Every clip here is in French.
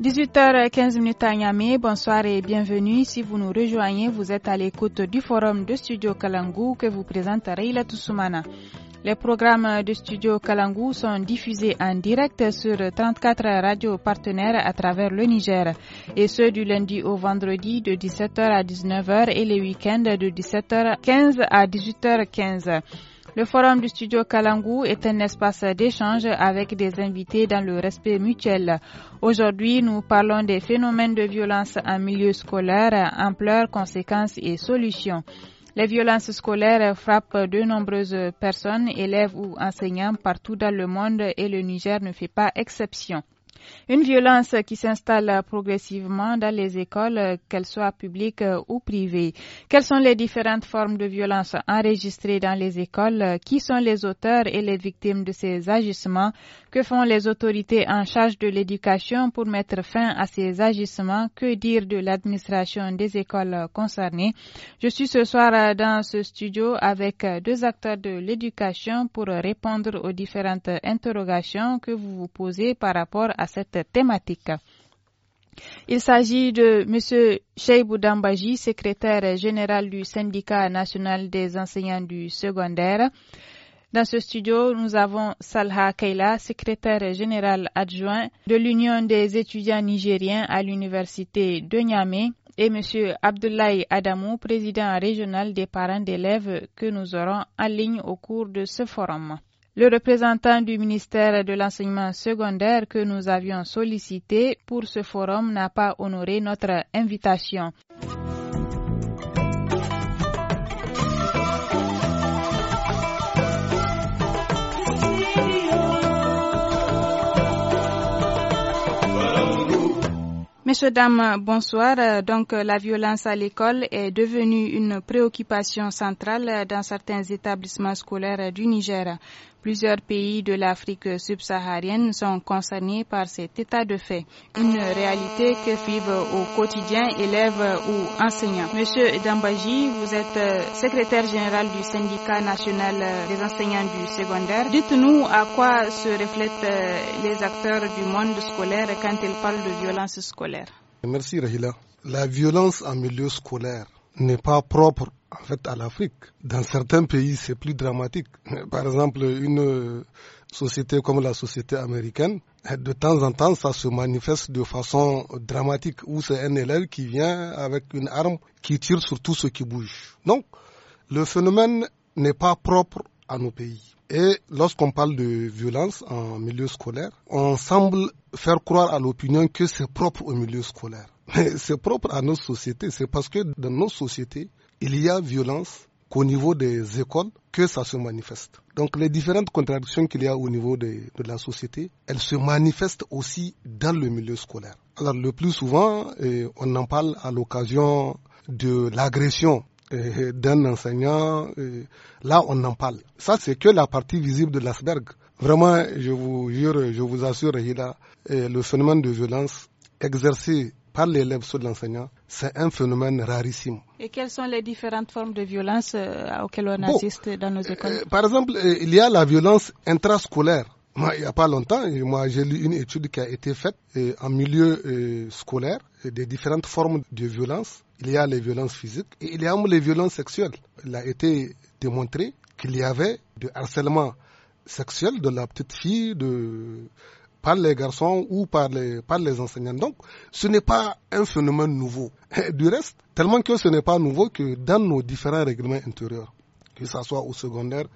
18h15 à bonsoir et bienvenue. Si vous nous rejoignez, vous êtes à l'écoute du forum de Studio Kalangou que vous présente Reila Toussoumana. Les programmes de Studio Kalangou sont diffusés en direct sur 34 radios partenaires à travers le Niger et ceux du lundi au vendredi de 17h à 19h et les week-ends de 17h15 à 18h15. Le forum du studio Kalangu est un espace d'échange avec des invités dans le respect mutuel. Aujourd'hui, nous parlons des phénomènes de violence en milieu scolaire, ampleur, conséquences et solutions. Les violences scolaires frappent de nombreuses personnes, élèves ou enseignants partout dans le monde et le Niger ne fait pas exception. Une violence qui s'installe progressivement dans les écoles, qu'elles soient publiques ou privées. Quelles sont les différentes formes de violence enregistrées dans les écoles Qui sont les auteurs et les victimes de ces agissements Que font les autorités en charge de l'éducation pour mettre fin à ces agissements Que dire de l'administration des écoles concernées Je suis ce soir dans ce studio avec deux acteurs de l'éducation pour répondre aux différentes interrogations que vous vous posez par rapport à cette thématique. Il s'agit de M. Cheibou Dambaji, secrétaire général du syndicat national des enseignants du secondaire. Dans ce studio, nous avons Salha Keila, secrétaire général adjoint de l'Union des étudiants nigériens à l'université de Niamey, et M. Abdoulaye Adamou, président régional des parents d'élèves que nous aurons en ligne au cours de ce forum. Le représentant du ministère de l'enseignement secondaire que nous avions sollicité pour ce forum n'a pas honoré notre invitation. Messieurs, dames, bonsoir. Donc, la violence à l'école est devenue une préoccupation centrale dans certains établissements scolaires du Niger. Plusieurs pays de l'Afrique subsaharienne sont concernés par cet état de fait, une réalité que vivent au quotidien élèves ou enseignants. Monsieur Dambaji, vous êtes euh, secrétaire général du syndicat national des enseignants du secondaire. Dites-nous à quoi se reflètent euh, les acteurs du monde scolaire quand ils parlent de violence scolaire. Merci Rahila. La violence en milieu scolaire n'est pas propre en fait à l'Afrique. Dans certains pays, c'est plus dramatique. Par exemple, une société comme la société américaine, de temps en temps, ça se manifeste de façon dramatique où c'est un élève qui vient avec une arme qui tire sur tout ce qui bouge. Donc, le phénomène n'est pas propre à nos pays. Et lorsqu'on parle de violence en milieu scolaire, on semble faire croire à l'opinion que c'est propre au milieu scolaire c'est propre à nos sociétés. C'est parce que dans nos sociétés, il y a violence qu'au niveau des écoles que ça se manifeste. Donc les différentes contradictions qu'il y a au niveau de, la société, elles se manifestent aussi dans le milieu scolaire. Alors le plus souvent, eh, on en parle à l'occasion de l'agression eh, d'un enseignant. Eh, là, on en parle. Ça, c'est que la partie visible de l'asberg. Vraiment, je vous jure, je vous assure, il le phénomène de violence exercé par l'élève sur l'enseignant, c'est un phénomène rarissime. Et quelles sont les différentes formes de violence euh, auxquelles on assiste dans nos écoles euh, Par exemple, euh, il y a la violence intrascolaire. Moi, il n'y a pas longtemps, moi j'ai lu une étude qui a été faite en milieu scolaire des différentes formes de violence. Il y a les violences physiques et il y a même les violences sexuelles. Il a été démontré qu'il y avait du harcèlement sexuel de la petite fille, de, par les garçons ou par les, par les enseignants. Donc, ce n'est pas un phénomène nouveau. Du reste, tellement que ce n'est pas nouveau que dans nos différents règlements intérieurs, que ce soit au secondaire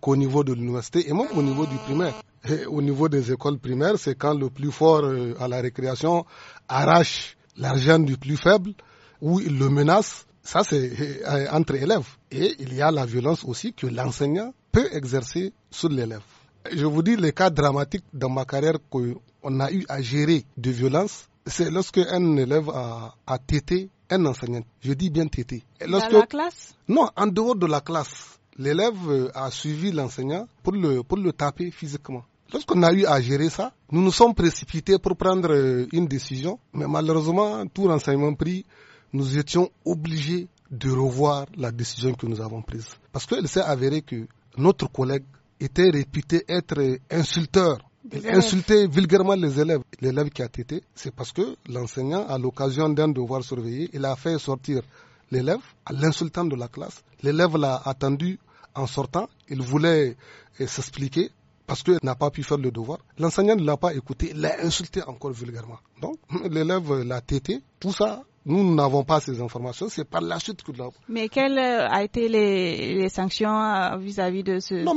qu'au niveau de l'université et même au niveau du primaire. au niveau des écoles primaires, c'est quand le plus fort euh, à la récréation arrache l'argent du plus faible ou le menace. Ça, c'est euh, entre élèves. Et il y a la violence aussi que l'enseignant peut exercer sur l'élève. Je vous dis les cas dramatiques dans ma carrière qu'on a eu à gérer de violence, c'est lorsque un élève a, a tété un enseignant. Je dis bien tété. Dans la classe Non, en dehors de la classe. L'élève euh, a suivi l'enseignant pour le, pour le taper physiquement. Lorsqu'on a eu à gérer ça, nous nous sommes précipités pour prendre euh, une décision, mais malheureusement, tout renseignement pris, nous étions obligés de revoir la décision que nous avons prise. Parce qu'il s'est avéré que notre collègue était réputé être insulteur. Il insultait vulgairement les élèves. L'élève qui a tété, c'est parce que l'enseignant, à l'occasion d'un devoir surveillé, il a fait sortir l'élève à l'insultant de la classe. L'élève l'a attendu en sortant. Il voulait eh, s'expliquer parce qu'il n'a pas pu faire le devoir. L'enseignant ne l'a pas écouté, il l'a insulté encore vulgairement. Donc, l'élève l'a tété. Tout ça nous n'avons pas ces informations, c'est par la suite que nous avons. Mais quelles ont euh, été les, sanctions euh, vis-à-vis de ce non,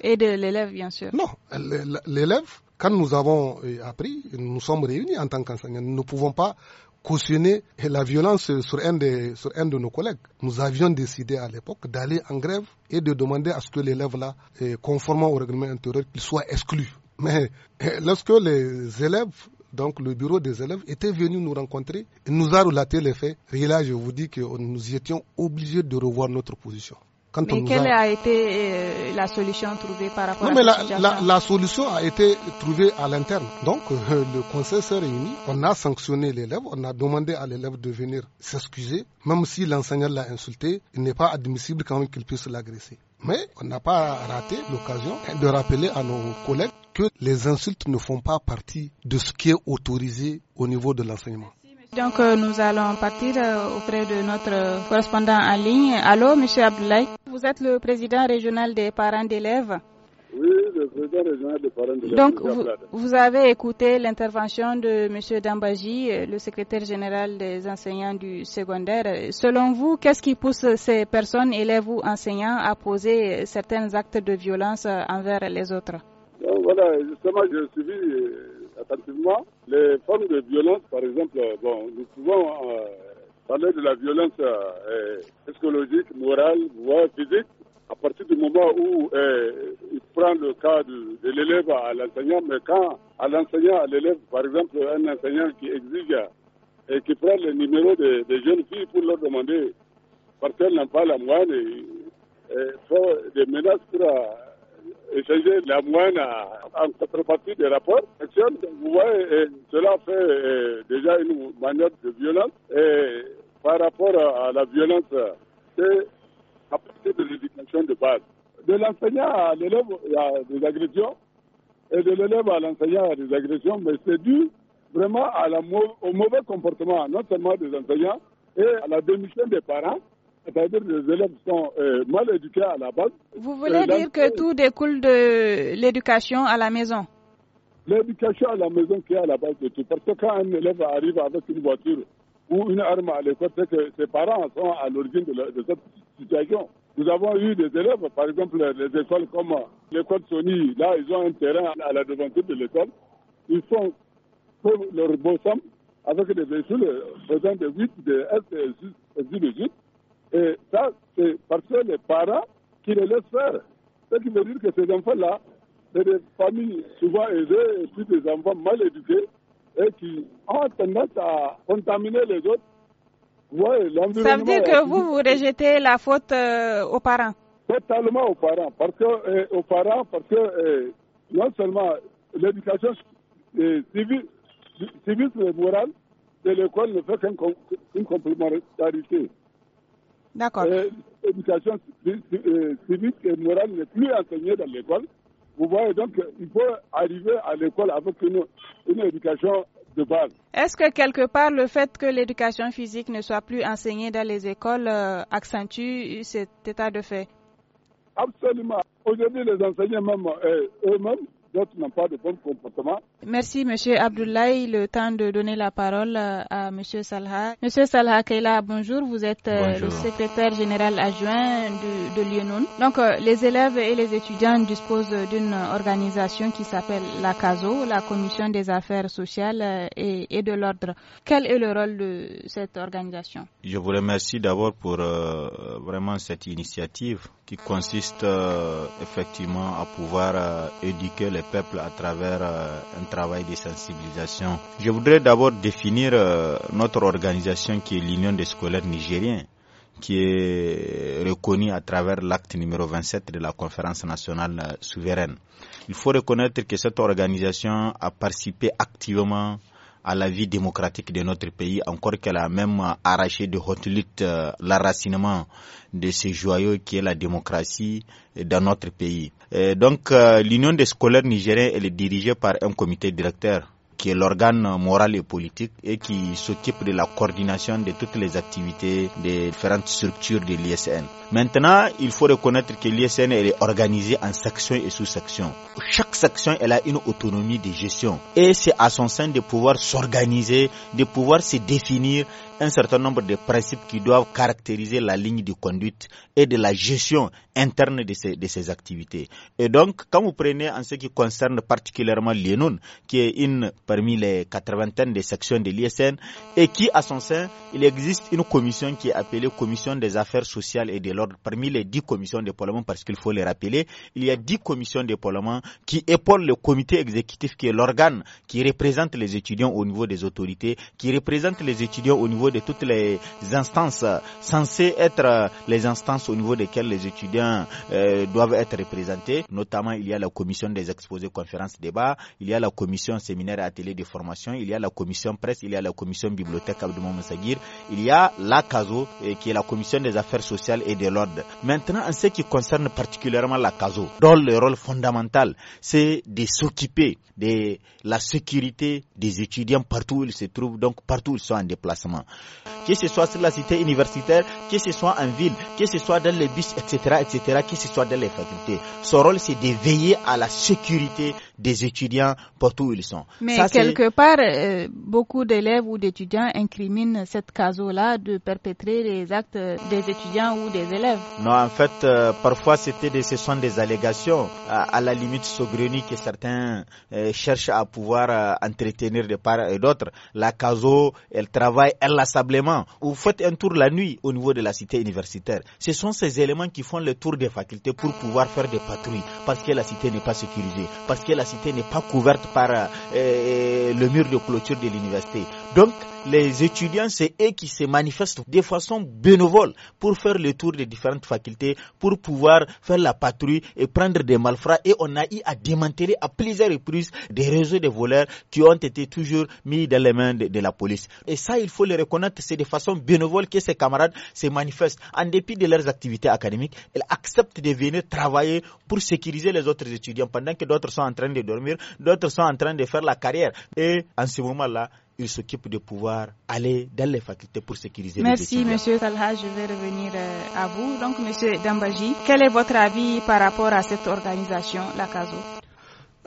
et de l'élève, bien sûr Non, l'élève, quand nous avons euh, appris, nous sommes réunis en tant qu'enseignants. Nous ne pouvons pas cautionner la violence sur un, de, sur un de nos collègues. Nous avions décidé à l'époque d'aller en grève et de demander à ce que l'élève-là, conformément au règlement intérieur, qu'il soit exclu. Mais lorsque les élèves donc le bureau des élèves était venu nous rencontrer, et nous a relaté les faits. Et là, je vous dis que nous étions obligés de revoir notre position. Quand quelle a... été euh, la solution trouvée par rapport non, à mais la, la, la, solution a été trouvée à l'interne. Donc, le conseil s'est réuni, on a sanctionné l'élève, on a demandé à l'élève de venir s'excuser, même si l'enseignant l'a insulté, il n'est pas admissible quand même qu'il puisse l'agresser. Mais on n'a pas raté l'occasion de rappeler à nos collègues que les insultes ne font pas partie de ce qui est autorisé au niveau de l'enseignement. Donc euh, nous allons partir euh, auprès de notre correspondant en ligne. Allô, Monsieur Abdoulaye, vous êtes le président régional des parents d'élèves. Oui, le président régional des parents d'élèves. Donc vous, avez écouté l'intervention de Monsieur Dambaji, euh, le secrétaire général des enseignants du secondaire. Selon vous, qu'est-ce qui pousse ces personnes, élèves ou enseignants, à poser certains actes de violence envers les autres voilà, justement, j'ai suivi euh, attentivement les formes de violence, par exemple, euh, bon, nous pouvons euh, parler de la violence psychologique, morale, voire physique, à partir du moment où il prend le cas de, l'élève à l'enseignant, mais quand à l'enseignant, à l'élève, par exemple, un enseignant qui exige et qui prend le numéro des jeunes filles pour leur demander parce qu'elles n'ont pas la moine, et, et, des menaces pour échanger la moine en contrepartie des rapports sexuels. Vous voyez, cela fait euh, déjà une manière de violence. Et par rapport à la violence, c'est à partir de l'éducation de base. De l'enseignant à l'élève, il y a des agressions. Et de l'élève à l'enseignant, il y a des agressions. Mais c'est dû vraiment au mauvais comportement, non seulement des enseignants, et à la démission des parents c'est-à-dire les élèves sont euh, mal éduqués à la base. Vous voulez euh, dire que tout découle de l'éducation à la maison L'éducation à la maison qui est à la base de tout. Parce que quand un élève arrive avec une voiture ou une arme à l'école, c'est que ses parents sont à l'origine de, cette situation. Nous avons eu des élèves, par exemple, les écoles comme l'école Sony, là, ils ont un terrain à la devanture de l'école. Ils font pour leur beau somme avec des véhicules faisant de 8, de S et de et ça, c'est parce que les parents qui les laissent faire. Ce qui veut dire que ces enfants-là, c'est des familles souvent aisées et puis des enfants mal éduqués et qui ont tendance à contaminer les autres. Ouais, ça veut dire que vous, vous rejetez la faute euh, aux parents Totalement aux parents. Parce que, aux parents, parce que non seulement l'éducation civile, civile et morale de l'école ne fait qu'une complémentarité. D'accord. Euh, l'éducation physique euh, et morale n'est plus enseignée dans l'école. Vous voyez, donc, qu'il faut arriver à l'école avec une, éducation de base. Est-ce que quelque part, le fait que l'éducation physique ne soit plus enseignée dans les écoles euh, accentue cet état de fait Absolument. Aujourd'hui, les enseignants, eux-mêmes, n'ont pas de bon comportement. Merci, Monsieur Abdoulaye. Le temps de donner la parole euh, à Monsieur Salha. Monsieur Salha Keila, bonjour. Vous êtes euh, le secrétaire général adjoint de, de Donc, euh, les élèves et les étudiants disposent d'une organisation qui s'appelle la CASO, la Commission des affaires sociales et, de l'ordre. Quel est le rôle de cette organisation Je vous remercie d'abord pour vraiment cette initiative qui consiste effectivement à pouvoir éduquer les à travers euh, un travail de sensibilisation. Je voudrais d'abord définir euh, notre organisation qui est l'Union des scolaires nigériens qui est reconnue à travers l'acte numéro 27 de la conférence nationale euh, souveraine. Il faut reconnaître que cette organisation a participé activement à la vie démocratique de notre pays, encore qu'elle a même arraché de haute lutte euh, l'arracinement de ce joyau qui est la démocratie dans notre pays. donc euh, l'Union des scolaires nigériens, est dirigée par un comité directeur qui est l'organe moral et politique et qui s'occupe de la coordination de toutes les activités des différentes structures de l'ISN. Maintenant, il faut reconnaître que l'ISN est organisée en sections et sous-sections. Chaque section, elle a une autonomie de gestion et c'est à son sein de pouvoir s'organiser, de pouvoir se définir un certain nombre de principes qui doivent caractériser la ligne de conduite et de la gestion interne de ces, de ces activités. Et donc, quand vous prenez en ce qui concerne particulièrement l'IENUN, qui est une parmi les 80 des sections de l'ISN, et qui, à son sein, il existe une commission qui est appelée Commission des affaires sociales et de l'ordre. Parmi les dix commissions de Parlement, parce qu'il faut les rappeler, il y a dix commissions Parlement qui épaulent le comité exécutif, qui est l'organe qui représente les étudiants au niveau des autorités, qui représente les étudiants au niveau de toutes les instances censées être les instances au niveau desquelles les étudiants euh, doivent être représentés. Notamment, il y a la commission des exposés, conférences, débats, il y a la commission séminaire atelier de formation, il y a la commission presse, il y a la commission bibliothèque Abdou Moussagir, il y a la CASO euh, qui est la commission des affaires sociales et de l'ordre. Maintenant, en ce qui concerne particulièrement la CASO, dont le rôle fondamental, c'est de s'occuper de la sécurité des étudiants partout où ils se trouvent, donc partout où ils sont en déplacement que ce soit sur la cité universitaire, que ce soit en ville, que ce soit dans les bus, etc., etc., que ce soit dans les facultés. Son rôle, c'est de veiller à la sécurité des étudiants partout où ils sont. Mais quelque part, euh, beaucoup d'élèves ou d'étudiants incriminent cette CASO-là de perpétrer les actes des étudiants ou des élèves. Non, en fait, euh, parfois c'était des, ce sont des allégations, à, la limite saugrenues que certains euh, cherchent à pouvoir entretenir de part et d'autre. La CASO, elle travaille inlassablement. Vous faites un tour la nuit au niveau de la cité universitaire. Ce sont ces éléments qui font le tour des facultés pour pouvoir faire des patrouilles, parce que la cité n'est pas sécurisée, parce que la n'est pas couverte par euh, euh, le mur de clôture de l'université. Donc, les étudiants, c'est eux qui se manifestent de façon bénévole pour faire le tour des différentes facultés, pour pouvoir faire la patrouille et prendre des malfrats. Et on a eu à démanteler à plusieurs reprises des réseaux de voleurs qui ont été toujours mis dans les mains de, de la police. Et ça, il faut le reconnaître, c'est de façon bénévole que ces camarades se manifestent. En dépit de leurs activités académiques, ils acceptent de venir travailler pour sécuriser les autres étudiants pendant que d'autres sont en train de dormir, d'autres sont en train de faire la carrière. Et en ce moment-là, ils s'occupent de pouvoir aller dans les facultés pour sécuriser Merci, les Merci, Monsieur Talha. Je vais revenir euh, à vous. Donc, Monsieur Dambaji, quel est votre avis par rapport à cette organisation, la CASO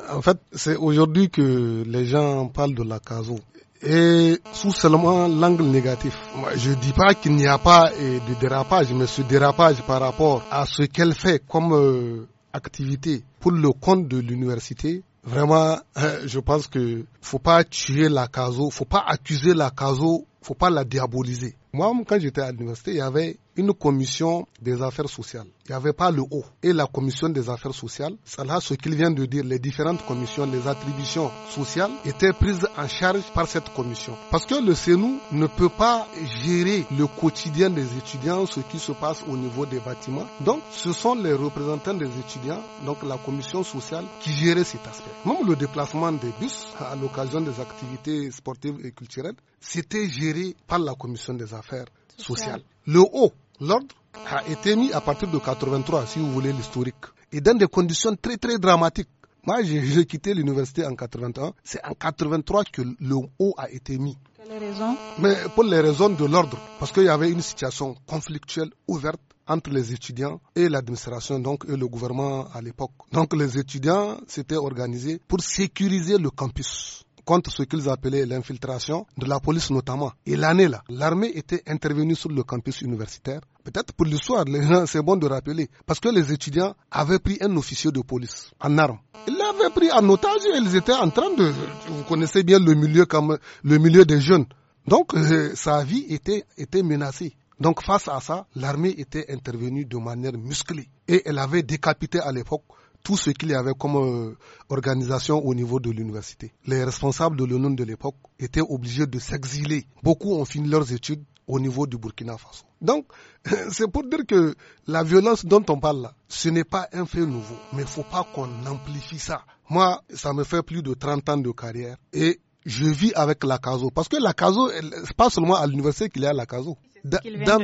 En fait, c'est aujourd'hui que les gens parlent de la CASO et sous seulement l'angle négatif. Je dis pas qu'il n'y a pas euh, de dérapage, mais ce dérapage par rapport à ce qu'elle fait comme euh, activité pour le compte de l'université, vraiment, euh, je pense que faut pas tuer la CASO, faut pas accuser la CASO, faut pas la diaboliser. Moi, quand j'étais à l'université, il y avait une commission des affaires sociales. Il n'y avait pas le haut. Et la commission des affaires sociales, ça là ce qu'il vient de dire, les différentes commissions, les attributions sociales étaient prises en charge par cette commission. Parce que le CENU ne peut pas gérer le quotidien des étudiants, ce qui se passe au niveau des bâtiments. Donc, ce sont les représentants des étudiants, donc la commission sociale, qui gérait cet aspect. Même le déplacement des bus à l'occasion des activités sportives et culturelles, c'était géré par la commission des affaires social. Le haut, l'ordre, a été mis à partir de 83, si vous voulez l'historique, et dans des conditions très très dramatiques. Moi, j'ai quitté l'université en 81. C'est en 83 que le haut a été mis. Quelles raisons Mais pour les raisons de l'ordre, parce qu'il y avait une situation conflictuelle ouverte entre les étudiants et l'administration, donc et le gouvernement à l'époque. Donc les étudiants s'étaient organisés pour sécuriser le campus contre ce qu'ils appelaient l'infiltration de la police notamment. Et l'année là, l'armée était intervenue sur le campus universitaire. Peut-être pour l'histoire, c'est bon de rappeler, parce que les étudiants avaient pris un officier de police en armes. Ils l'avaient pris en otage et ils étaient en train de, vous connaissez bien le milieu comme le milieu des jeunes. Donc euh, sa vie était, était menacée. Donc face à ça, l'armée était intervenue de manière musclée et elle avait décapité à l'époque tout ce qu'il y avait comme euh, organisation au niveau de l'université. Les responsables de l'ONU de l'époque étaient obligés de s'exiler. Beaucoup ont fini leurs études au niveau du Burkina Faso. Donc, c'est pour dire que la violence dont on parle là, ce n'est pas un fait nouveau, mais il faut pas qu'on amplifie ça. Moi, ça me fait plus de 30 ans de carrière et je vis avec la CASO. Parce que la CASO, c'est pas seulement à l'université qu'il y a la CASO. Dans,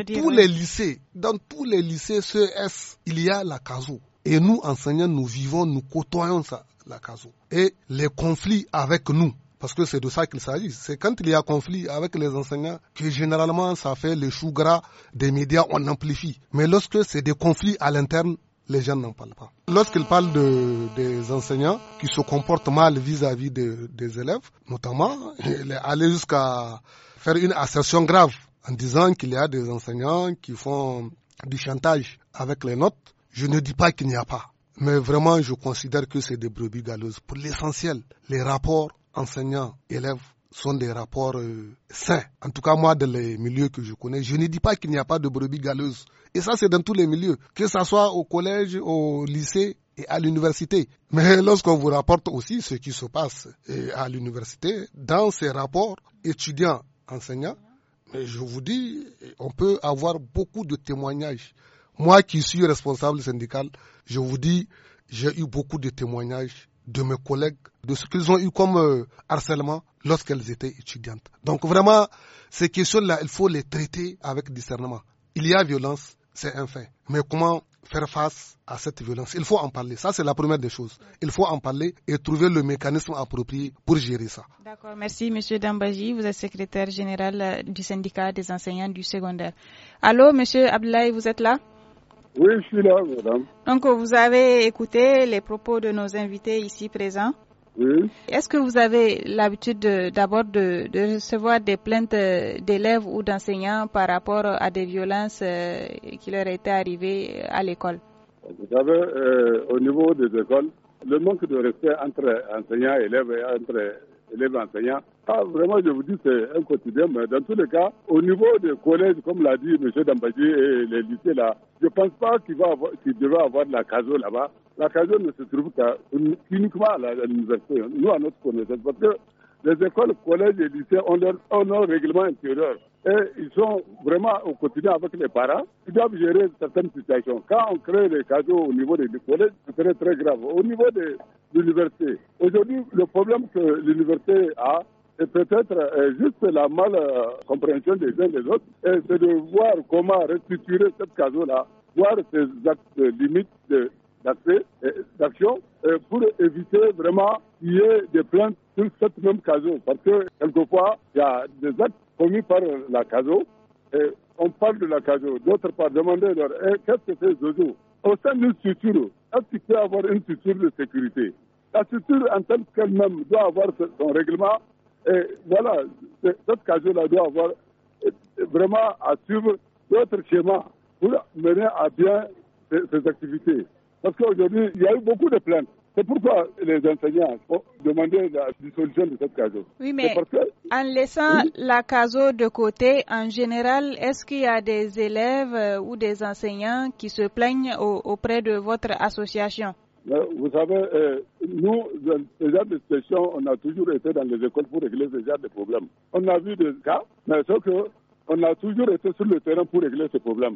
tous les lycées, dans tous les lycées CES, il y a la CASO. Et nous, enseignants, nous vivons, nous côtoyons ça, la CASO. Et les conflits avec nous, parce que c'est de ça qu'il s'agit. C'est quand il y a conflit avec les enseignants que généralement ça fait le chou gras des médias, on amplifie. Mais lorsque c'est des conflits à l'interne, les gens n'en parlent pas. Lorsqu'ils parlent de, des enseignants qui se comportent mal vis-à-vis des élèves, notamment, aller jusqu'à faire une assertion grave en disant qu'il y a des enseignants qui font du chantage avec les notes je ne dis pas qu'il n'y a pas, mais vraiment je considère que c'est des brebis galeuses. Pour l'essentiel, les rapports enseignants-élèves sont des rapports euh, sains. En tout cas, moi, dans les milieux que je connais, je ne dis pas qu'il n'y a pas de brebis galeuses. Et ça, c'est dans tous les milieux, que ce soit au collège, au lycée et à l'université. Mais lorsqu'on vous rapporte aussi ce qui se passe euh, à l'université, dans ces rapports étudiants-enseignants, je vous dis, on peut avoir beaucoup de témoignages moi qui suis responsable syndical, je vous dis, j'ai eu beaucoup de témoignages de mes collègues, de ce qu'ils ont eu comme euh, harcèlement lorsqu'elles étaient étudiantes. Donc vraiment, ces questions-là, il faut les traiter avec discernement. Il y a violence, c'est un fait. Mais comment faire face à cette violence Il faut en parler. Ça, c'est la première des choses. Il faut en parler et trouver le mécanisme approprié pour gérer ça. D'accord. Merci, Monsieur Dambaji. Vous êtes secrétaire général euh, du syndicat des enseignants du secondaire. Allô, Monsieur Abdoulaye, vous êtes là oui, je suis là, madame. Donc, vous avez écouté les propos de nos invités ici présents oui. Est-ce que vous avez l'habitude d'abord de, recevoir des plaintes euh, d'élèves ou d'enseignants par rapport à des violences euh, qui leur étaient arrivées euh, à l'école Vous savez, au niveau des écoles, le manque de respect entre enseignants et élèves et entre élèves enseignants. Ah, vraiment, je vous dis, c'est un quotidien, mais dans tous les cas, au niveau des collèges, comme l'a dit M. Dambadji et les lycées, là, je ne pense pas qu'il va avoir, qu'il avoir de la CASO là-bas. La CASO ne se trouve qu'uniquement à l'université, nous, à notre connaissance, parce que les écoles, collèges et lycées ont leur, règlement intérieur. Et ils sont vraiment au quotidien avec les parents. Ils doivent gérer certaines situations. Quand on crée des cadeaux au niveau des collèges, c'est très très grave. Au niveau des, l'université. Aujourd'hui, le problème que l'université a, et peut-être euh, juste la mal compréhension des uns des autres, c'est de voir comment restructurer cette case-là, voir ses actes limites d'accès, d'action, euh, pour éviter vraiment qu'il y ait des plaintes sur cette même casse-là. Parce que quelquefois, il y a des actes commis par la CASO, et on parle de la CASO, d'autres par demander leur, eh, qu'est-ce que c'est aujourd'hui? au sein d'une structure, est-ce avoir une structure de sécurité La structure en tant qu'elle-même doit avoir son règlement. Et voilà, cette casier-là doit avoir euh, vraiment à suivre d'autres schémas pour mener à bien ses activités. Parce qu'aujourd'hui, il y a eu beaucoup de plaintes. C'est pourquoi les enseignants ont demandé la dissolution de cette CASO. Oui, mais en laissant la case de côté, en général, est-ce qu'il y a des élèves euh, ou des enseignants qui se plaignent auprès de votre association euh, vous savez, euh, nous, les de situation, on a toujours été dans les écoles pour régler déjà des de problèmes. On a vu des cas, mais sauf qu'on a toujours été sur le terrain pour régler ces problèmes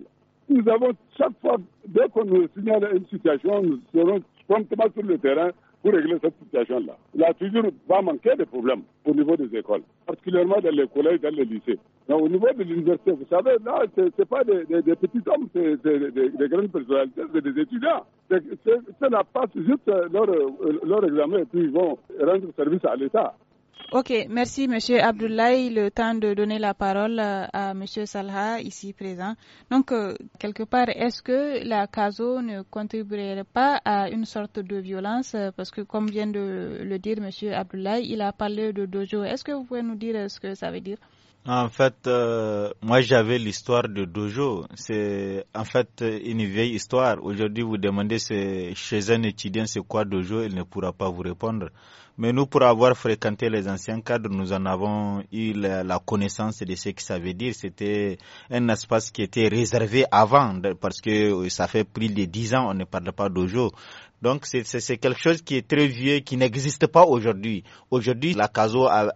Nous avons chaque fois, dès qu'on nous signale une situation, nous serons promptement sur le terrain pour régler cette situation-là. La figure va manquer de problèmes au niveau des écoles, particulièrement dans les collèges, dans les lycées. au niveau de l'université, vous savez, là, ce n'est pas des, petits hommes, c'est des, grandes personnalités, c'est des étudiants. C'est n'est pas juste euh, leur, euh, leur examen et puis ils vont rendre service à l'État. Ok, merci Monsieur Abdoulaye. Le temps de donner la parole euh, à Monsieur Salha, ici présent. Donc, euh, quelque part, est-ce que la CASO ne contribuerait pas à une sorte de violence euh, Parce que, comme vient de le dire Monsieur Abdoulaye, il a parlé de dojo. Est-ce que vous pouvez nous dire ce que ça veut dire en fait, euh, moi j'avais l'histoire de Dojo. C'est en fait une vieille histoire. Aujourd'hui, vous demandez chez un étudiant c'est quoi Dojo, il ne pourra pas vous répondre. Mais nous, pour avoir fréquenté les anciens cadres, nous en avons eu la, connaissance de ce que ça veut dire. C'était un espace qui était réservé avant, parce que euh, ça fait plus de dix ans, on ne parle pas Dojo. Donc c'est quelque chose qui est très vieux, qui n'existe pas aujourd'hui. Aujourd'hui, la CASO a,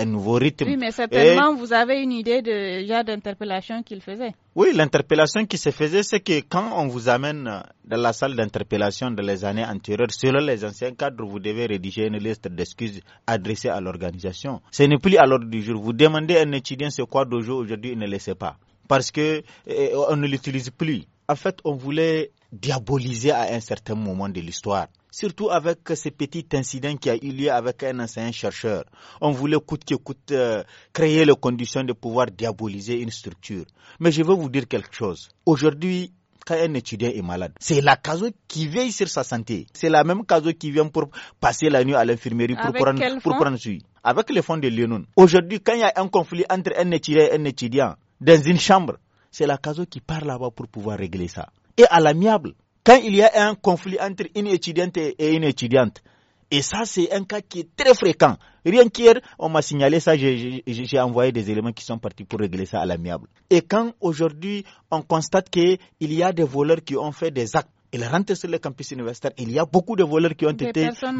un nouveau rythme. Oui, mais certainement, vous avez une idée de genre d'interpellation qu'il faisait. Oui, l'interpellation qui se faisait, c'est que quand on vous amène dans la salle d'interpellation de les années antérieures, selon les anciens cadres, vous devez rédiger une liste d'excuses adressées à l'organisation. Ce n'est plus à l'ordre du jour. Vous demandez à un étudiant ce quoi d'aujourd'hui aujourd'hui, il ne le sait pas. Parce que eh, on ne l'utilise plus en fait, on voulait diaboliser à un certain moment de l'histoire. Surtout avec ce petit incident qui a eu lieu avec un ancien chercheur. On voulait coûte que coûte euh, créer les conditions de pouvoir diaboliser une structure. Mais je veux vous dire quelque chose. Aujourd'hui, quand un étudiant est malade, c'est la CASO qui veille sur sa santé. C'est la même CASO qui vient pour passer la nuit à l'infirmerie pour prendre, pour prendre Avec le fonds de l'UNUN. Aujourd'hui, quand il y a un conflit entre un étudiant et un étudiant dans une chambre, c'est la CASO qui part là-bas pour pouvoir régler ça. Et à l'amiable, quand il y a un conflit entre une étudiante et une étudiante, et ça, c'est un cas qui est très fréquent. Rien qu'hier, on m'a signalé ça, j'ai envoyé des éléments qui sont partis pour régler ça à l'amiable. Et quand aujourd'hui, on constate qu'il y a des voleurs qui ont fait des actes, ils rentrent sur le campus universitaire, il y a beaucoup de voleurs qui ont été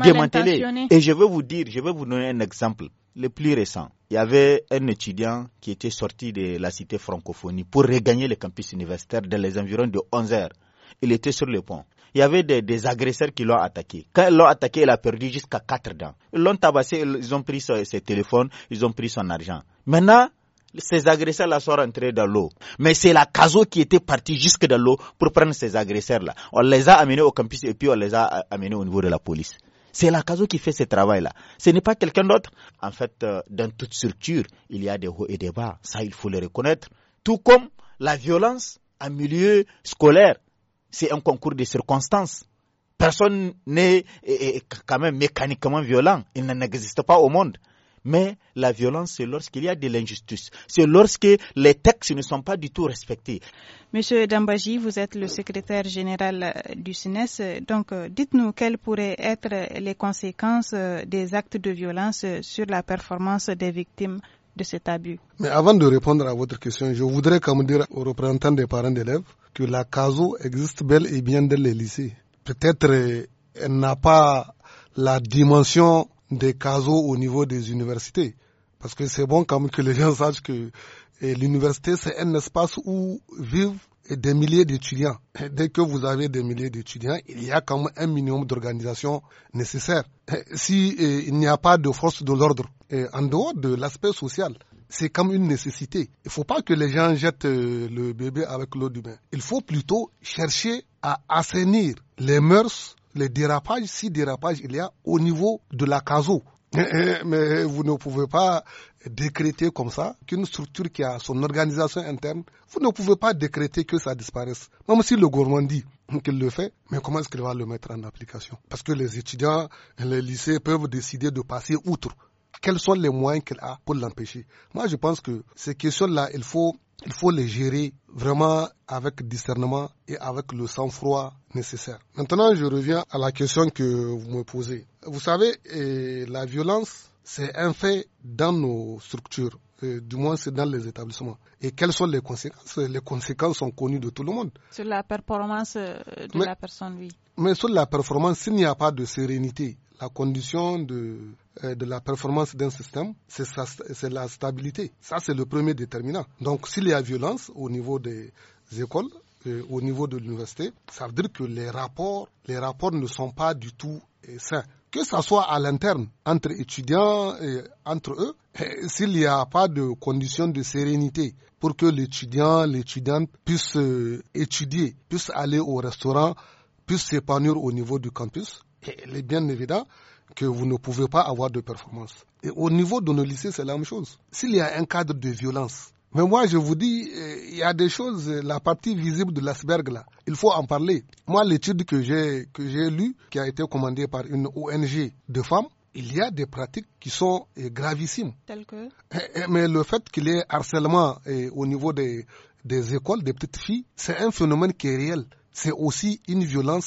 démantelés. Et je veux vous dire, je vais vous donner un exemple le plus récent, il y avait un étudiant qui était sorti de la cité francophonie pour regagner le campus universitaire dans les environs de 11 heures. Il était sur le pont. Il y avait des, agresseurs qui l'ont attaqué. Quand ils l'ont attaqué, il a perdu jusqu'à quatre dents. Ils l'ont tabassé, ils ont pris ses, téléphones, ils ont pris son argent. Maintenant, ces agresseurs-là sont rentrés dans l'eau. Mais c'est la CASO qui était partie jusque dans l'eau pour prendre ces agresseurs-là. On les a amenés au campus et puis on les a amenés au niveau de la police. C'est la CASO qui fait ce travail-là. Ce n'est pas quelqu'un d'autre. En fait, euh, dans toute structure, il y a des hauts et des bas. Ça, il faut le reconnaître. Tout comme la violence en milieu scolaire, c'est un concours de circonstances. Personne n'est quand même mécaniquement violent. Il n'existe pas au monde. Mais la violence, c'est lorsqu'il y a de l'injustice. C'est lorsque les textes ne sont pas du tout respectés. Monsieur Dambaji, vous êtes le secrétaire général euh, du SINES. E Donc, euh, dites-nous quelles pourraient être les conséquences euh, des actes de violence sur la performance des victimes de cet abus. Mais avant de répondre à votre question, je voudrais comme dire aux représentants des parents d'élèves que la CASO existe bel et bien dans les lycées. Peut-être elle n'a pas la dimension des casos au niveau des universités. Parce que c'est bon quand que les gens sachent que l'université, c'est un espace où vivent des milliers d'étudiants. Dès que vous avez des milliers d'étudiants, il y a quand même un minimum d'organisation nécessaire. S'il il n'y a pas de force de l'ordre, en dehors de l'aspect social, c'est comme une nécessité. Il ne faut pas que les gens jettent euh, le bébé avec l'eau du bain. Il faut plutôt chercher à assainir les mœurs les dérapages, si dérapage il y a, au niveau de la CASO. Eh, eh, mais vous ne pouvez pas décréter comme ça qu'une structure qui a son organisation interne, vous ne pouvez pas décréter que ça disparaisse. Même si le gouvernement dit qu'il le fait, mais comment est-ce qu'il va le mettre en application Parce que les étudiants, les lycées peuvent décider de passer outre quels sont les moyens qu'il a pour l'empêcher. Moi, je pense que ces questions-là, il faut il faut les gérer vraiment avec discernement et avec le sang-froid nécessaire. Maintenant, je reviens à la question que vous me posez. Vous savez, la violence, c'est un fait dans nos structures. Euh, du moins c'est dans les établissements. Et quelles sont les conséquences Les conséquences sont connues de tout le monde. Sur la performance euh, de la personne, oui. Mais sur la performance, s'il n'y a pas de sérénité, la condition de euh, de la performance d'un système, c'est la stabilité. Ça, c'est le premier déterminant. Donc, s'il y a violence au niveau des écoles, euh, au niveau de l'université, ça veut dire que les rapports, les rapports ne sont pas du tout euh, sains. Que ça soit à l'interne, entre étudiants, et entre eux, s'il n'y a pas de conditions de sérénité pour que l'étudiant, l'étudiante puisse étudier, puisse aller au restaurant, puisse s'épanouir au niveau du campus, eh, il est bien évident que vous ne pouvez pas avoir de performance. Et au niveau de nos lycées, c'est la même chose. S'il y a un cadre de violence, mais moi, je vous dis, eh, il y a des choses, eh, la partie visible de l'asperge, là, il faut en parler. Moi, l'étude que j'ai, que j'ai lue, qui a été commandée par une ONG de femmes, il y a des pratiques qui sont eh, gravissimes. Telles que Mais le fait qu'il y ait harcèlement au niveau des, des écoles, des petites filles, c'est un phénomène qui est réel c'est aussi une violence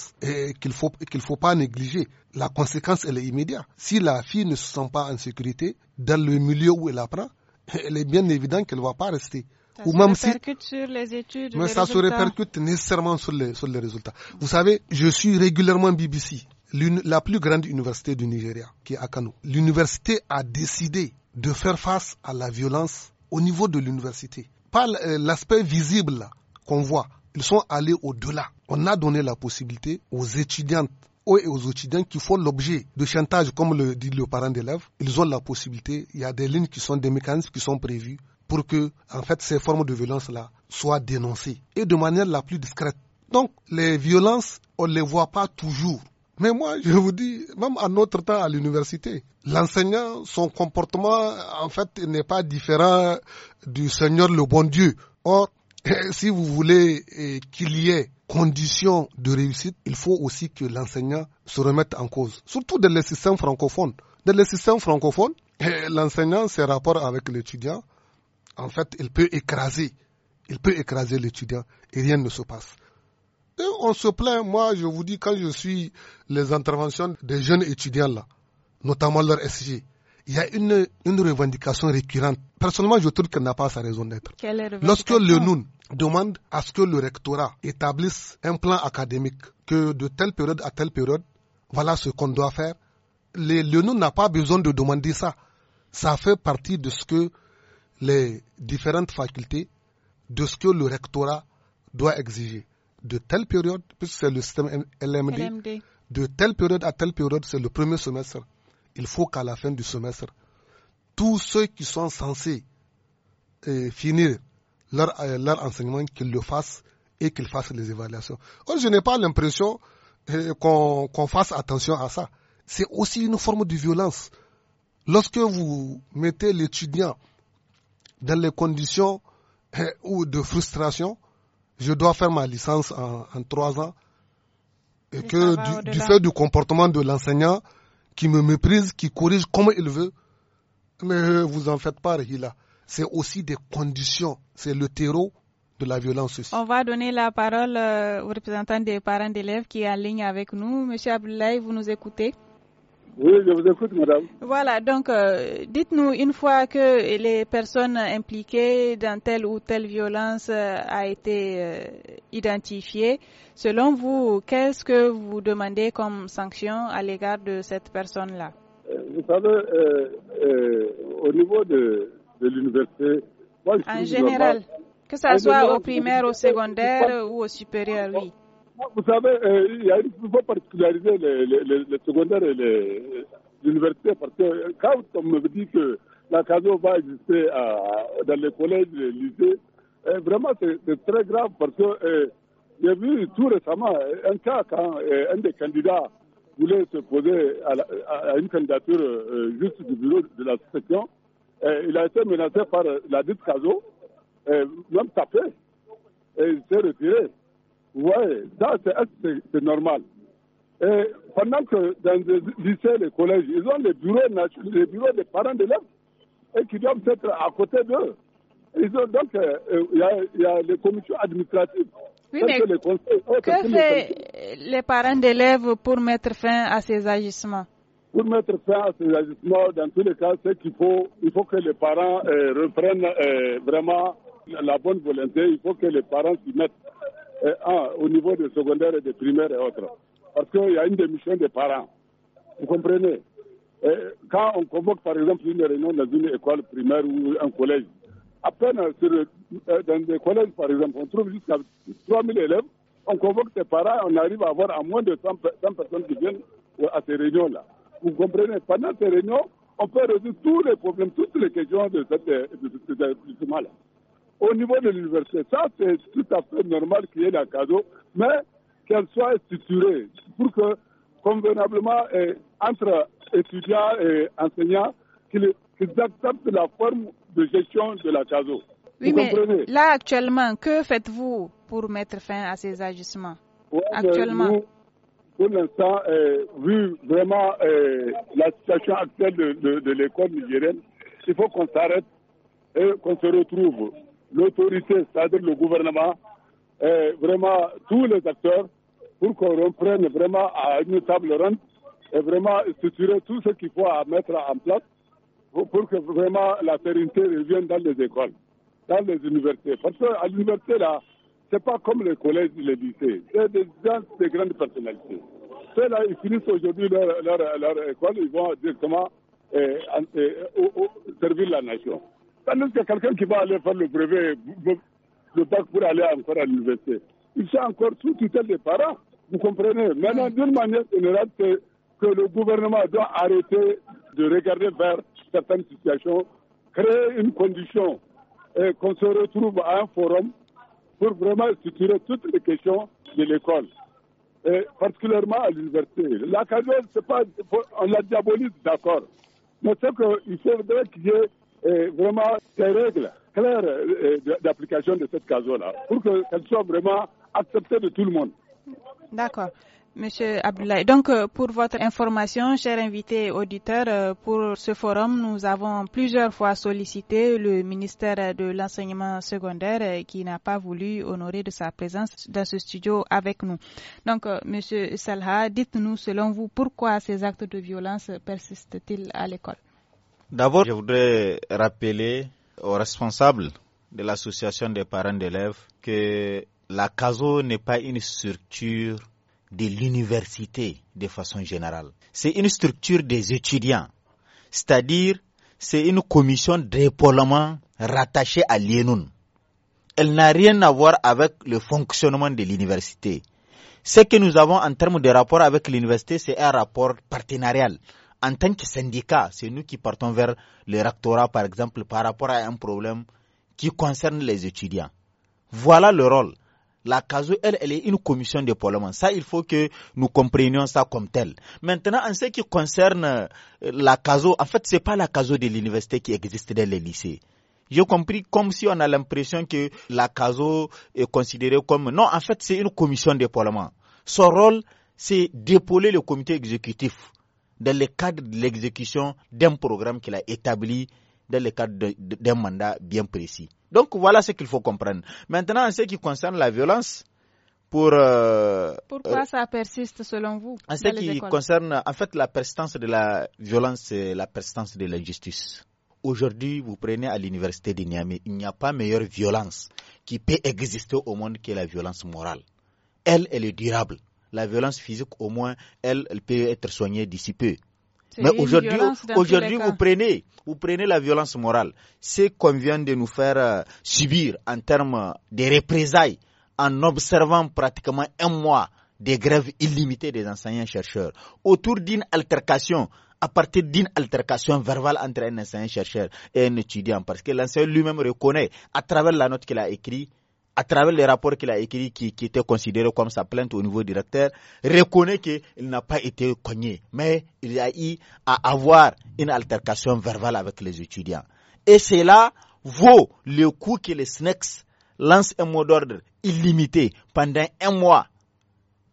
qu'il faut qu'il faut pas négliger. La conséquence elle est immédiate. Si la fille ne se sent pas en sécurité dans le milieu où elle apprend, elle est bien évident qu'elle va pas rester. Ça se répercute sur les études. Mais ça se répercute nécessairement sur les, sur les résultats. Vous savez, je suis régulièrement BBC, la plus grande université du Nigeria, qui est à Kano. L'université a décidé de faire face à la violence au niveau de l'université. Pas euh, l'aspect visible qu'on voit. Ils sont allés au-delà on a donné la possibilité aux étudiantes et aux étudiants qui font l'objet de chantage, comme le dit le parent d'élève, ils ont la possibilité, il y a des lignes qui sont des mécanismes qui sont prévus pour que, en fait, ces formes de violence-là soient dénoncées et de manière la plus discrète. Donc, les violences, on ne les voit pas toujours. Mais moi, je vous dis, même à notre temps à l'université, l'enseignant, son comportement, en fait, n'est pas différent du Seigneur le bon Dieu. Or, si vous voulez eh, qu'il y ait conditions de réussite, il faut aussi que l'enseignant se remette en cause, surtout dans les systèmes francophones. Dans les systèmes francophones, l'enseignant, ses rapports avec l'étudiant, en fait, il peut écraser. Il peut écraser l'étudiant et rien ne se passe. Et on se plaint, moi je vous dis, quand je suis les interventions des jeunes étudiants là, notamment leur SG, il y a une, revendication récurrente. Personnellement, je trouve qu'elle n'a pas sa raison d'être. Lorsque le Noun demande à ce que le rectorat établisse un plan académique, que de telle période à telle période, voilà ce qu'on doit faire, le Noun n'a pas besoin de demander ça. Ça fait partie de ce que les différentes facultés, de ce que le rectorat doit exiger. De telle période, puisque c'est le système LMD. de telle période à telle période, c'est le premier semestre il faut qu'à la fin du semestre, tous ceux qui sont censés euh, finir euh, leur, enseignement, qu'ils le fassent et qu'ils fassent les évaluations. Or, je n'ai pas l'impression euh, qu'on fasse attention à ça. C'est aussi une forme de violence. Lorsque vous mettez l'étudiant dans les conditions de frustration, je dois faire ma licence en, trois ans, et que du fait du comportement de l'enseignant, qui me méprise, qui corrige comme il veut. Mais vous en faites pas, Hila. C'est aussi des conditions, c'est le terreau de la violence On va donner la parole euh, au représentant des parents d'élèves qui est en ligne avec nous. Monsieur Abdoulaye, vous nous écoutez oui, je vous écoute, madame. Voilà, donc euh, dites-nous, une fois que les personnes impliquées dans telle ou telle violence euh, a été euh, identifiée, selon vous, qu'est-ce que vous demandez comme sanction à l'égard de cette personne-là Vous savez, au niveau de, de l'université, en général, que ce soit au primaire, au secondaire ou au supérieur, oui. Vous savez, euh, il, y a, faut particulariser les, secondaires et les universités parce que quand on me dit que la CASO va exister dans les collèges, les lycées, euh, vraiment c'est très grave parce que y euh, j'ai vu tout récemment un cas quand un des candidats voulait se poser à, une candidature juste du bureau de la section. il a été menacé par la dite CASO, même tapé, et il s'est retiré. Oui, ça c'est normal. Et pendant que dans les lycées, les collèges, ils ont les bureaux, les bureaux des parents d'élèves et qui doivent être à côté d'eux. donc, il euh, euh, y, a les commissions administratives. Oui, les que les, parents d'élèves pour mettre fin à ces agissements Pour mettre fin à ces agissements, dans tous les cas, c'est qu'il faut, il faut que les parents euh, reprennent vraiment la bonne volonté. Il faut que les parents s'y mettent. Euh, au niveau des secondaires et des primaires et autres. Parce qu'il y a une démission des parents. Vous comprenez Quand on convoque par exemple une réunion dans une école primaire ou un collège, à peine euh, euh, dans des collèges par exemple, on trouve jusqu'à 3000 élèves, on convoque ces parents, on arrive à avoir à moins de 100, personnes qui viennent à ces réunions-là. Vous comprenez Pendant ces réunions, on peut résoudre tous les problèmes, toutes les questions de, cette, de, là au niveau de l'université. Ça, c'est tout à fait normal qu'il y ait la CADO, mais qu'elle soit structurée pour que, convenablement, entre étudiants et enseignants, qu'ils acceptent la forme de gestion de la CASO. Oui, mais là, actuellement, que faites-vous pour mettre fin à ces agissements Actuellement Pour l'instant, euh, vu vraiment euh, la situation actuelle de, de l'école nigérienne, il faut qu'on s'arrête et qu'on se retrouve l'autorité, c'est-à-dire le gouvernement, et vraiment tous les acteurs, pour qu'on reprenne vraiment à une table ronde et vraiment structurer tout ce qu'il faut à mettre en place pour, que vraiment la pérennité revienne dans les écoles, dans les universités. Parce qu'à l'université, là, c'est pas comme les collèges et les lycées. C'est des gens de grandes personnalités. Ceux-là, ils finissent aujourd'hui leur, leur, leur, école, ils vont directement eh, eh servir la nation. Tandis que quelqu'un qui va aller faire le brevet, le bac pour aller encore à l'université, il sait encore sous tutelle des parents. Vous comprenez Maintenant, d'une manière générale, c'est que le gouvernement doit arrêter de regarder vers certaines situations, créer une condition et qu'on se retrouve à un forum pour vraiment structurer toutes les questions de l'école, et particulièrement à l'université. La c'est pas, on la diabolise, d'accord, mais c'est qu'il faudrait qu'il y ait vraiment ces règles claires euh, d'application de cette case là pour qu'elle soit vraiment acceptée de tout le monde. D'accord. Monsieur Abdoulaye, donc euh, pour votre information, chers invités auditeurs, euh, pour ce forum, nous avons plusieurs fois sollicité le ministère de l'enseignement secondaire qui n'a pas voulu honorer de sa présence dans ce studio avec nous. Donc, Monsieur Salha, dites-nous selon vous pourquoi ces actes de violence persistent-ils à l'école D'abord, je voudrais rappeler aux responsables de l'association des parents d'élèves que la CASO n'est pas une structure de l'université de façon générale. C'est une structure des étudiants, c'est-à-dire c'est une commission d'épaulement rattachée à l'IENUN. Elle n'a rien à voir avec le fonctionnement de l'université. Ce que nous avons en termes de rapport avec l'université, c'est un rapport partenarial en tant que syndicat, c'est nous qui partons vers le rectorat, par exemple, par rapport à un problème qui concerne les étudiants. Voilà le rôle. La CASO, elle, elle est une commission de parlement. Ça, il faut que nous comprenions ça comme tel. Maintenant, en ce qui concerne euh, la CASO, en fait, c'est pas la CASO de l'université qui existe dans les lycées. J'ai compris comme si on a l'impression que la CASO est considérée comme... Non, en fait, c'est une commission de parlement. Son rôle, c'est d'épauler le comité exécutif dans le cadre de l'exécution d'un programme qu'il a établi dans le cadre d'un mandat bien précis. Donc voilà ce qu'il faut comprendre. Maintenant, en ce qui concerne la violence, pour... Euh, Pourquoi euh, ça persiste selon vous En ce qui concerne, en fait, la persistance de la violence, et la persistance de l'injustice. Aujourd'hui, vous prenez à l'université de Niamey, il n'y a pas meilleure violence qui peut exister au monde que la violence morale. Elle, elle est durable la violence physique, au moins, elle, elle peut être soignée d'ici peu. Mais aujourd'hui, aujourd'hui, vous prenez, vous prenez la violence morale. C'est qu'on vient de nous faire euh, subir en termes de représailles, en observant pratiquement un mois des grèves illimitées des enseignants-chercheurs, autour d'une altercation, à partir d'une altercation verbale entre un enseignant-chercheur et un étudiant, parce que l'enseignant lui-même reconnaît, à travers la note qu'il a écrite, à travers les rapports qu'il a écrits qui, qui étaient considérés comme sa plainte au niveau directeur, reconnaît qu'il n'a pas été cogné, mais il a eu à avoir une altercation verbale avec les étudiants. Et cela vaut le coup que les SNEX lancent un mot d'ordre illimité pendant un mois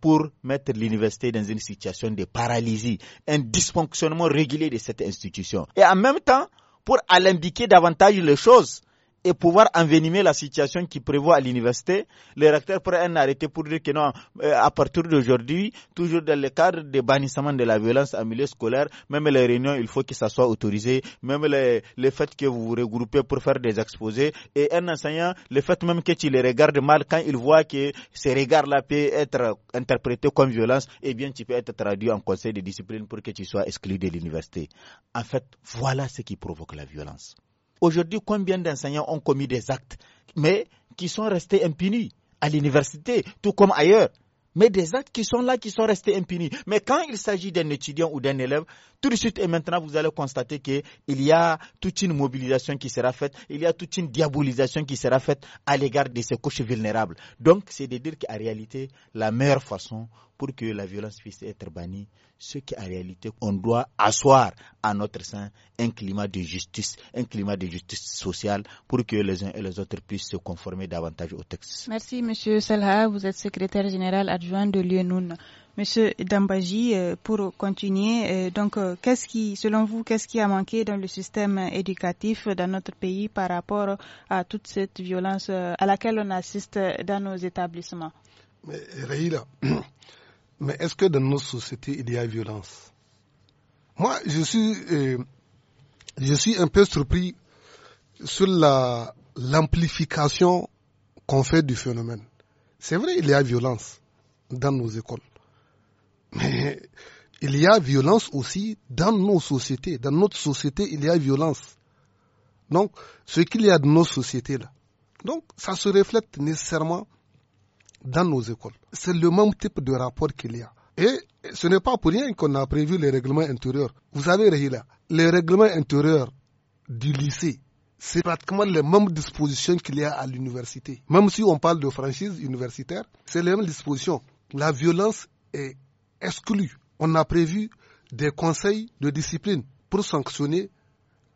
pour mettre l'université dans une situation de paralysie, un dysfonctionnement régulier de cette institution. Et en même temps, pour indiquer davantage les choses, et pouvoir envenimer la situation qui prévoit à l'université. Le recteur pourraient un arrêté pour dire que non, euh, à partir d'aujourd'hui, toujours dans le cadre des bannissements de la violence en milieu scolaire, même les réunions, il faut que ça soit autorisé, même le, le fait que vous vous regroupez pour faire des exposés, et un enseignant, le fait même que tu les regardes mal, quand il voit que ces regards-là peuvent être interprétés comme violence, eh bien, tu peux être traduit en conseil de discipline pour que tu sois exclu de l'université. En fait, voilà ce qui provoque la violence. Aujourd'hui, combien d'enseignants ont commis des actes, mais qui sont restés impunis à l'université, tout comme ailleurs mais des actes qui sont là, qui sont restés impunis. Mais quand il s'agit d'un étudiant ou d'un élève, tout de suite et maintenant, vous allez constater qu'il y a toute une mobilisation qui sera faite, il y a toute une diabolisation qui sera faite à l'égard de ces couches vulnérables. Donc, c'est de dire qu'en réalité, la meilleure façon pour que la violence puisse être bannie, ce qui, en réalité on doit asseoir à notre sein un climat de justice, un climat de justice sociale pour que les uns et les autres puissent se conformer davantage au texte. Merci Monsieur Salha, vous êtes secrétaire général adjoint de l'UNUN. Monsieur Dambaji, euh, pour continuer, euh, donc euh, qu'est-ce qui, selon vous, qu'est-ce qui a manqué dans le système éducatif dans notre pays par rapport à toute cette violence à laquelle on assiste dans nos établissements Mais mais est-ce que dans nos sociétés, il y a violence Moi, je suis, euh, je suis un peu surpris sur la l'amplification qu'on fait du phénomène. C'est vrai, il y a violence dans nos écoles. Mais il y a violence aussi dans nos sociétés. Dans notre société, il y a violence. Donc, ce qu'il y a dans nos sociétés, là. Donc, ça se reflète nécessairement dans nos écoles. C'est le même type de rapport qu'il y a. Et ce n'est pas pour rien qu'on a prévu les règlements intérieurs. Vous savez, Rahila, les règlements intérieurs du lycée, c'est pratiquement les mêmes dispositions qu'il y a à l'université. Même si on parle de franchise universitaire, c'est les mêmes dispositions. La violence est exclue. On a prévu des conseils de discipline pour sanctionner,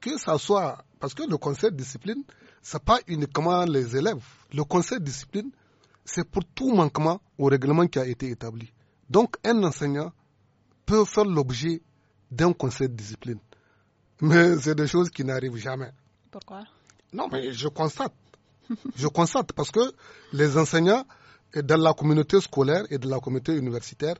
que ça soit, parce que le conseil de discipline, ce n'est pas uniquement les élèves. Le conseil de discipline, c'est pour tout manquement au règlement qui a été établi. Donc un enseignant peut faire l'objet d'un conseil de discipline. Mais c'est des choses qui n'arrivent jamais. Pourquoi Non, mais je constate. je constate parce que les enseignants dans la communauté scolaire et de la communauté universitaire,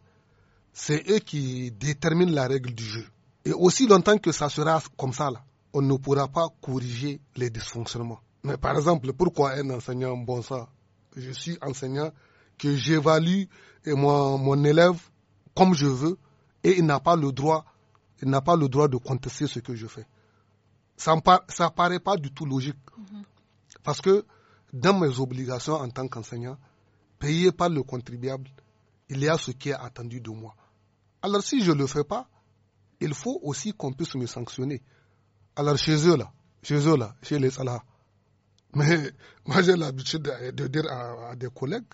c'est eux qui déterminent la règle du jeu. Et aussi longtemps que ça sera comme ça, là, on ne pourra pas corriger les dysfonctionnements. Mais par exemple, pourquoi un enseignant bon ça je suis enseignant, que j'évalue mon, élève comme je veux et il n'a pas le droit, il n'a pas le droit de contester ce que je fais. Ça ne paraît pas du tout logique. Mm-hmm. Parce que dans mes obligations en tant qu'enseignant, payé par le contribuable, il y a ce qui est attendu de moi. Alors si je ne le fais pas, il faut aussi qu'on puisse me sanctionner. Alors chez eux là, chez eux là, chez les salariés, mais moi, j'ai l'habitude de dire à, des collègues,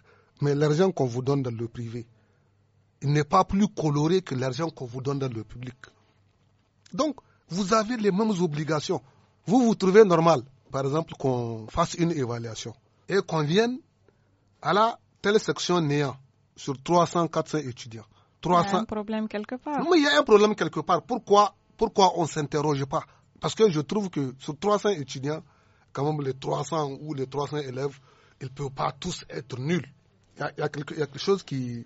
mais l'argent qu'on vous donne dans le privé, il n'est pas plus coloré que l'argent qu'on vous donne dans le public. Donc, vous avez les mêmes obligations. Vous vous trouvez normal, par exemple, qu'on fasse une évaluation et qu'on vienne à la telle section néant sur 300, 400 étudiants. Il y a un problème quelque part. Mais il y a un problème quelque part. Pourquoi, pourquoi on ne s'interroge pas Parce que je trouve que sur 300 étudiants, quand même les 300 ou les 300 élèves, ils ne peuvent pas tous être nuls. Il y, a, quelque, chose qu'il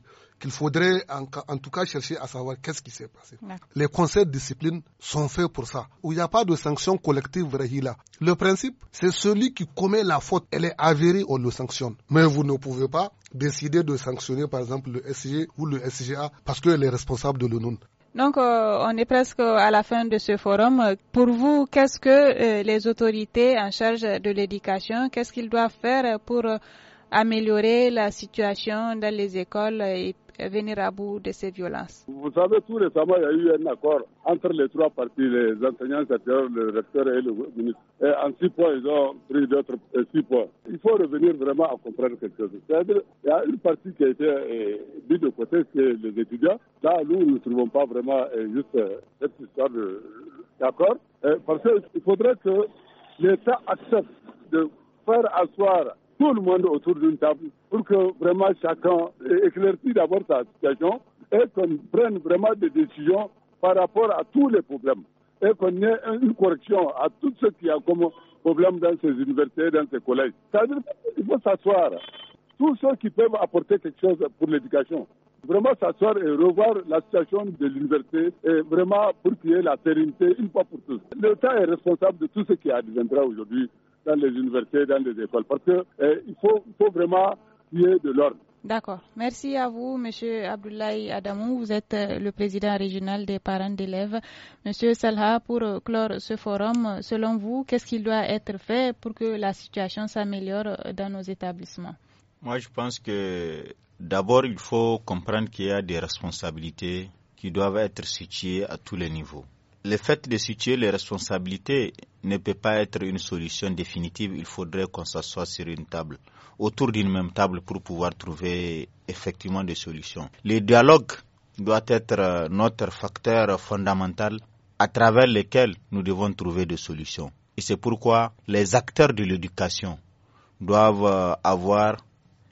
faudrait en, tout cas chercher à savoir qu'est-ce qui s'est passé. Les conseils de discipline sont faits pour ça. Où il n'y a pas de sanction collective, là. Le principe, c'est celui qui commet la faute, elle est avérée, on le sanctionne. Mais vous ne pouvez pas décider de sanctionner par exemple le SG ou le SGA parce qu'elle est responsable de l'ONU. Donc, euh, on est presque à la fin de ce forum. Pour vous, qu'est-ce que euh, les autorités en charge de l'éducation, qu'est-ce qu'ils doivent faire pour euh, améliorer la situation dans les écoles et venir à bout de ces violences Vous savez, tout récemment, il y a eu un accord entre les trois parties, les enseignants, le recteur et le ministre. en six points, ils ont pris d'autres euh, six points. Il faut revenir vraiment à comprendre quelque chose. il y a une partie qui a été euh, mise de côté, c'est les étudiants. Là, nous, ne trouvons pas vraiment euh, juste cette histoire d'accord. Parce qu'il faudrait que l'État accepte de faire asseoir tout le monde autour d'une table pour que vraiment chacun éclaircisse d'abord sa situation et qu'on prenne vraiment des décisions par rapport à tous les problèmes et qu'on ait une correction à tout ce qui a comme problème dans ces universités, dans ces collèges. C'est-à-dire qu'il faut s'asseoir. Tous ceux qui peuvent apporter quelque chose pour l'éducation, vraiment s'asseoir et revoir la situation de l'université et vraiment pour qu'il y ait la sérénité une fois pour toutes. L'État est responsable de tout ce qui adviendra aujourd'hui dans les universités, dans les écoles. Parce qu'il eh, faut, vraiment y ait de l'ordre. D'accord. Merci à vous, Monsieur Abdoulaye Adamou. Vous êtes euh, le président régional des parents d'élèves. Monsieur Salha, pour euh, clore ce forum, euh, selon vous, qu'est-ce qui doit être fait pour que la situation s'améliore dans nos établissements Moi, je pense que d'abord, il faut comprendre qu'il y a des responsabilités qui doivent être situées à tous les niveaux le fait de situer les responsabilités ne peut pas être une solution définitive. Il faudrait qu'on s'assoie sur une table, autour d'une même table, pour pouvoir trouver effectivement des solutions. Le dialogue doit être euh, notre facteur fondamental à travers lequel nous devons trouver des solutions. Et c'est pourquoi les acteurs de l'éducation doivent euh, avoir,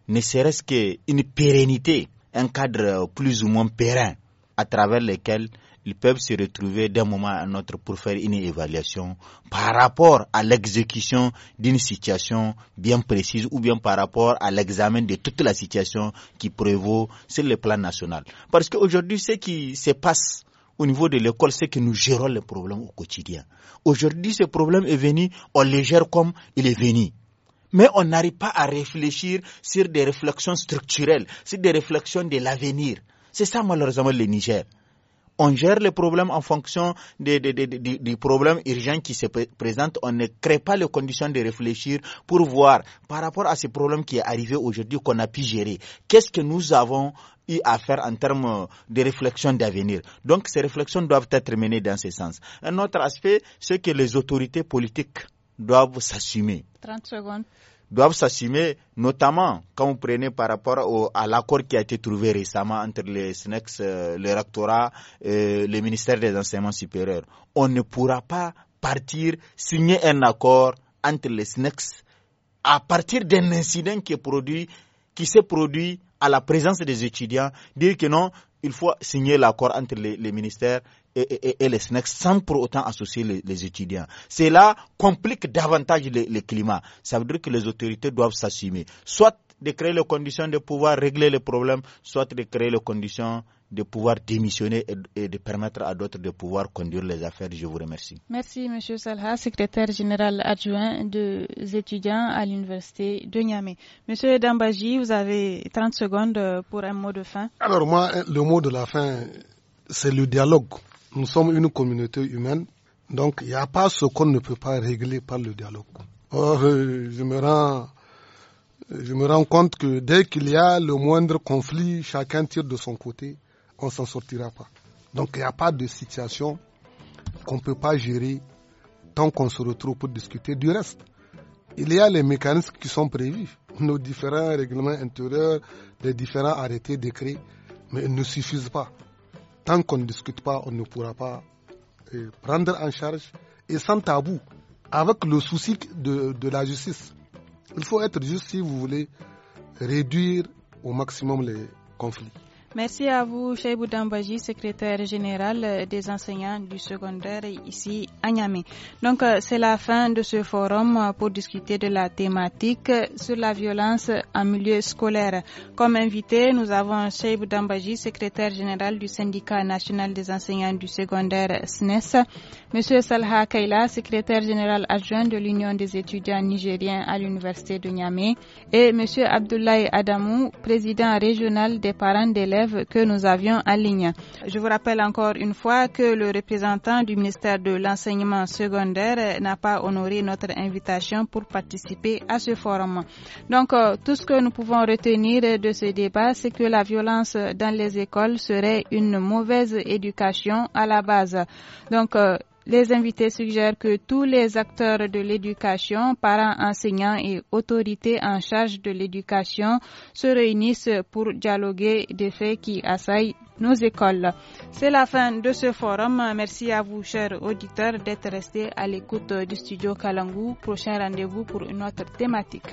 ne serait-ce qu'une pérennité, un cadre euh, plus ou moins pérenne à travers lequel ils peuvent se retrouver d'un moment à un autre pour faire une évaluation par rapport à l'exécution d'une situation bien précise ou bien par rapport à l'examen de toute la situation qui prévaut sur le plan national. Parce qu'aujourd'hui, ce qui se passe au niveau de l'école, c'est que nous gérons les problèmes au quotidien. Aujourd'hui, ce problème est venu, on le gère comme il est venu. Mais on n'arrive pas à réfléchir sur des réflexions structurelles, sur des réflexions de l'avenir. C'est ça malheureusement le Niger on gère les problèmes en fonction des, problèmes urgents qui se présentent. On ne crée pas les conditions de réfléchir pour voir par rapport à ces problèmes qui est arrivé aujourd'hui qu'on a pu gérer. Qu'est-ce que nous avons eu à faire en termes de réflexion d'avenir. Donc ces réflexions doivent être menées dans ce sens. Un autre aspect, c'est que les autorités politiques doivent s'assumer doivent s'assumer, notamment quand vous prenez par rapport au, à l'accord qui a été trouvé récemment entre les SNEX, les euh, le rectorat, et le ministère des enseignements supérieurs. On ne pourra pas partir signer un accord entre les SNEX à partir d'un incident qui produit, qui s'est produit à la présence des étudiants, dire que non, il faut signer l'accord entre les, ministères et, les SNEC sans pour autant associer les, étudiants. Cela complique davantage le, climat. Ça veut dire que les autorités doivent s'assumer, soit de créer les conditions de pouvoir régler les problèmes, soit de créer les conditions de pouvoir démissionner et de permettre à d'autres de pouvoir conduire les affaires. Je vous remercie. Merci, M. Salha, secrétaire général adjoint des étudiants à l'université de Niamey. M. Dambaji, vous avez 30 secondes euh, pour un mot de fin. Alors moi, euh, le mot de la fin, c'est le dialogue. Nous sommes une communauté humaine, donc il n'y a pas ce qu'on ne peut pas régler par le dialogue. Or, euh, je me rends je me rends compte que dès qu'il y a le moindre conflit, chacun tire de son côté on ne s'en sortira pas. Donc il n'y a pas de situation qu'on ne peut pas gérer tant qu'on se retrouve pour discuter du reste. Il y a les mécanismes qui sont prévus, nos différents règlements intérieurs, les différents arrêtés, décrets, mais ils ne suffisent pas. Tant qu'on ne discute pas, on ne pourra pas euh, prendre en charge et sans tabou, avec le souci de, de la justice. Il faut être juste si vous voulez réduire au maximum les conflits. Merci à vous, Cheibou Dambaji, secrétaire général des enseignants du secondaire ici à Niamey. Donc, euh, c'est la fin de ce forum pour discuter de la thématique sur la violence en milieu scolaire. Comme invité, nous avons Cheibou Dambaji, secrétaire général du syndicat national des enseignants du secondaire SNES, e Monsieur Salha Kaila, secrétaire général adjoint de l'Union des étudiants nigériens à l'Université de Niamey, et Monsieur Abdoulaye Adamou, président régional des parents d'élèves que nous avions en ligne. Je vous rappelle encore une fois que le représentant du ministère de l'enseignement secondaire n'a pas honoré notre invitation pour participer à ce forum. Donc, euh, tout ce que nous pouvons retenir de ce débat, c'est que la violence dans les écoles serait une mauvaise éducation à la base. Donc, euh, les invités suggèrent que tous les acteurs de l'éducation, parents, enseignants et autorités en charge de l'éducation se réunissent pour dialoguer des faits qui assaillent nos écoles. C'est la fin de ce forum. Merci à vous, chers auditeurs, d'être restés à l'écoute du studio Kalangou. Prochain rendez-vous pour une autre thématique.